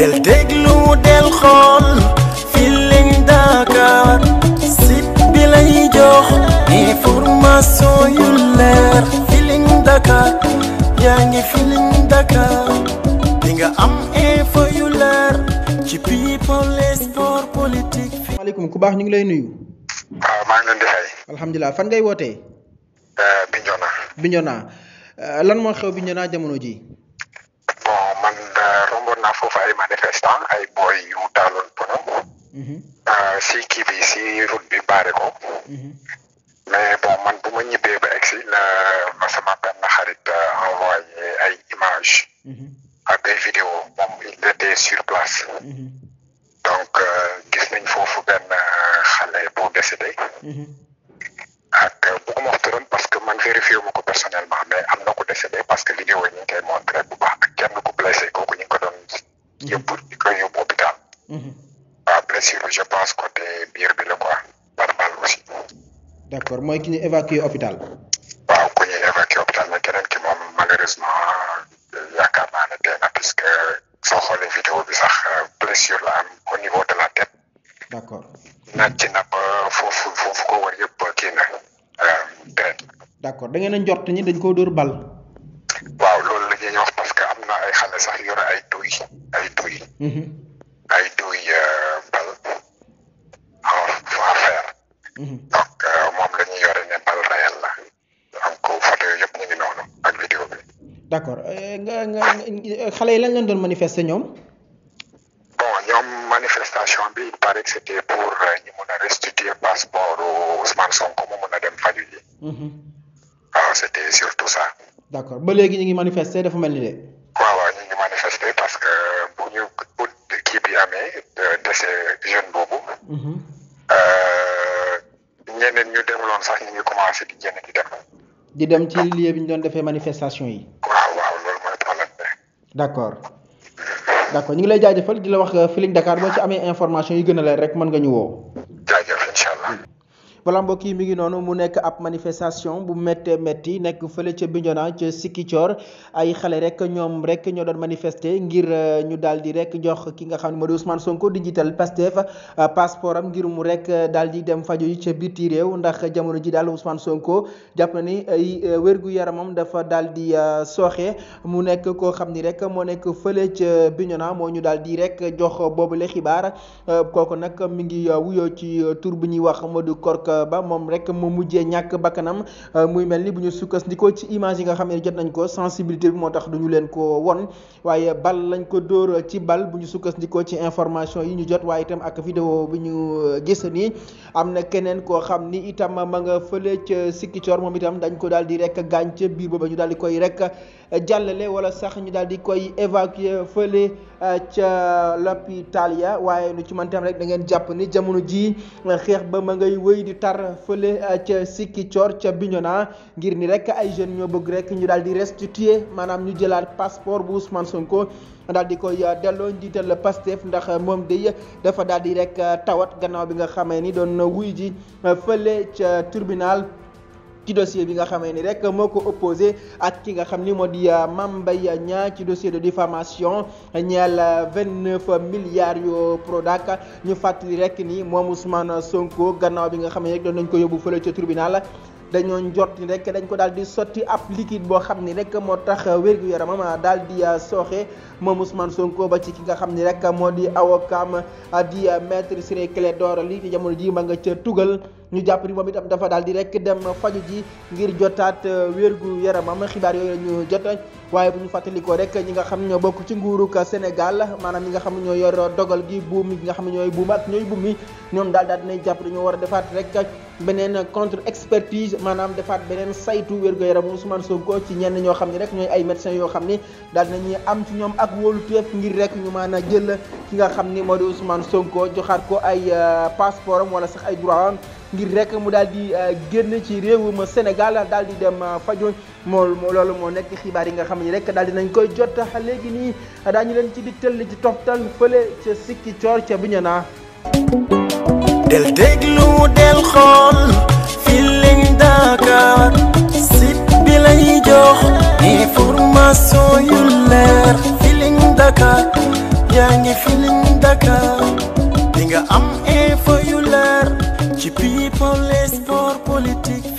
del déglu del xool Feeling Dakar site bi lay jox information yu leer Feeling Dakar yaa ngi Feeling Dakar di am info yu leer ci people sport politique. maaleykum ku baax ñu ngi lay nuyu. waaw maa ngi leen di xëy. alhamdulilah fan ngay wootee. Eh, Bignona. Bignona eh, lan moo xew Bignona jamono ji naa foofu ay manifestant ay booy yu taaloon pono mhm. euh, si kii bi si route bi baare ko mhm. mais bon man bu ma ñibbee ba egsi na ma sama benn xarit euh, envoyé ay image mhm. ak ay vidéo moom il était sur place donc euh, gis nañ foofu benn xale bu décédé ak bugguma wax turam parce que man vérifié wu ko personnellement mais am na décédé parce que vidéo yi ñu ngi koy kenn ku d' mooy ki ñu évacué hôpital. waaw ku ñuy évacué hôpital mais keneen ki malheureusement yaakaar naa ne dee na puisque soo xoolee vidéo bi sax blessure la am au niveau de la tête. d' na ba foofu foofu ko war yëpp kii na deret. d' accord ñi dañ koo dóor bal. waaw loolu la ñuy wax parce que am na ay xale sax yore ay duy ay duy. Mhm. ay duy euh, bal en affaire. d'accord euh, xale yi lañ leen doon manifester ñoom. bon ñoom manifestation bi il paraît que c'était pour euh, ñu mun a restituer passeport Ousmane Sonko mu mun a dem faju ji. waaw mhm. ah, c'était surtout ça. d'accord ba léegi ñu ngi manifester dafa mel ni de. waaw waaw ñu ngi manifester parce que bu ñu kii bi amee décès jeune boobu. Mhm. Euh, ñeneen ñu demuloon sax ñu ngi commencé di génn di dem. di dem ci lieu bi ñu doon defee manifestation yi. d' accord d' accord ñu ngi lay jaajëfal di la wax euh, Feeling Dakar boo ci amee information yi gën a leer mën nga ñu woo. voilà mbokk yi mi ngi noonu mu nekk ab manifestation bu méttee métti nekk fële ca Bignona ca Sikicoor ay xale rek ñoom rek ñoo doon manifester ngir euh, ñu daal di rek jox ki nga xam ne moo di Ousmane Sonko digital Pastef euh, passeport am ngir mu rek euh, daal di dem fajo yi ca biti réew ndax jamono ji daal Ousmane Sonko jàpp na ni ay wérgu yaramam dafa daal di sooxe mu nekk koo xam ni rek moo nekk fële ca Bignona moo ñu daal di rek jox boobule xibaar kooku nag mu ngi wuyoo ci tur bu ñuy wax moo di Korka ba moom rek mu mujjee ñàkk bakkanam euh, muy mel ni bu ñu sukkandikoo ci image yi nga xam ne jot nañ ko sensibilité bi moo tax du ñu leen ko won waaye bal lañ ko dóor ci bal bu ñu sukkandikoo ci information yi ñu jot waaye itam ak vidéo bu ñu euh, gis ni am na keneen koo xam ni itam ma nga fële ca Sikicoor moom itam dañ ko daal di rek gaañ ca biir booba ñu daal di koy rek jàllale wala sax ñu daal di koy évacuer fële. Euh, ca l'hôpital ya waaye lu ci mën tam rek da ngeen jàpp ni jamono ji euh, xeex ba ma ngay wëy di tar fële euh, ca sikki coor ca Bignona ngir ni rek ay jeunes ñoo bëgg rek ñu daal di restituer maanaam ñu jëlaat passeport bu Ousmane Sonko daal di koy delloo njiital Pastef ndax moom day dafa daal di rek tawat gannaaw bi nga xamee ni doon na wuy ji fële ca tribunal ci dossier bi nga xamee ni rek moo ko opposé ak ki nga xam ni moo di euh, Mame Mbaye Niang ci dossier de diffamation ñeel euh, vingt-neuf milliards yu Prodac ñu fàttali rek nii moom Ousmane Sonko gannaaw bi nga xam ne rek doon nañ ko yóbbu fële ca tribunal dañoo njort ni rek dañ ko daal di sotti ab liquide boo xam ni rek moo tax wérgu yaramam daal di euh, sooxe moom Ousmane Sonko ba ci ki nga xam ni rek moo di awokam di euh, maître Ciré Clédor Ly te jamono ji ma nga ca tugal ñu jàpp ni moom itam dafa daal di rek dem faju ji ngir jotaat euh, wérgu yaramam xibaar yooyu la ñu jot waaye bu ñu fàttalikoo rek ñi nga xam ñoo bokk ci nguurug Sénégal maanaam ñi nga xam ñoo yor dogal gi buum yi nga xam ñooy buum ak ñooy buum yi daal daal dinañ jàpp dañoo war a defaat rek beneen contre expertise maanaam defaat beneen saytu wérgu yaramu Ousmane Sonko ci ñenn ñoo xam ne rek ñooy ay médecins yoo xam ne daal dinañuy am ci ñoom ak wolu teef ngir rek ñu mën a jël ki nga xam ni moo di Ousmane Sonko joxaat ko ay euh, passeport am wala sax ay droit ngir rek mu daal di euh, génn ci réewum Sénégal daal di dem euh, fajoon moo loolu moo nekk xibaar yi nga xam ni rek daal di nañ koy jot léegi nii daañu leen ci digtal li ci toftal fële ca sikki coor ca Bignona. del yaa ngi Dakar di nga am info yu leer ci people et sport politique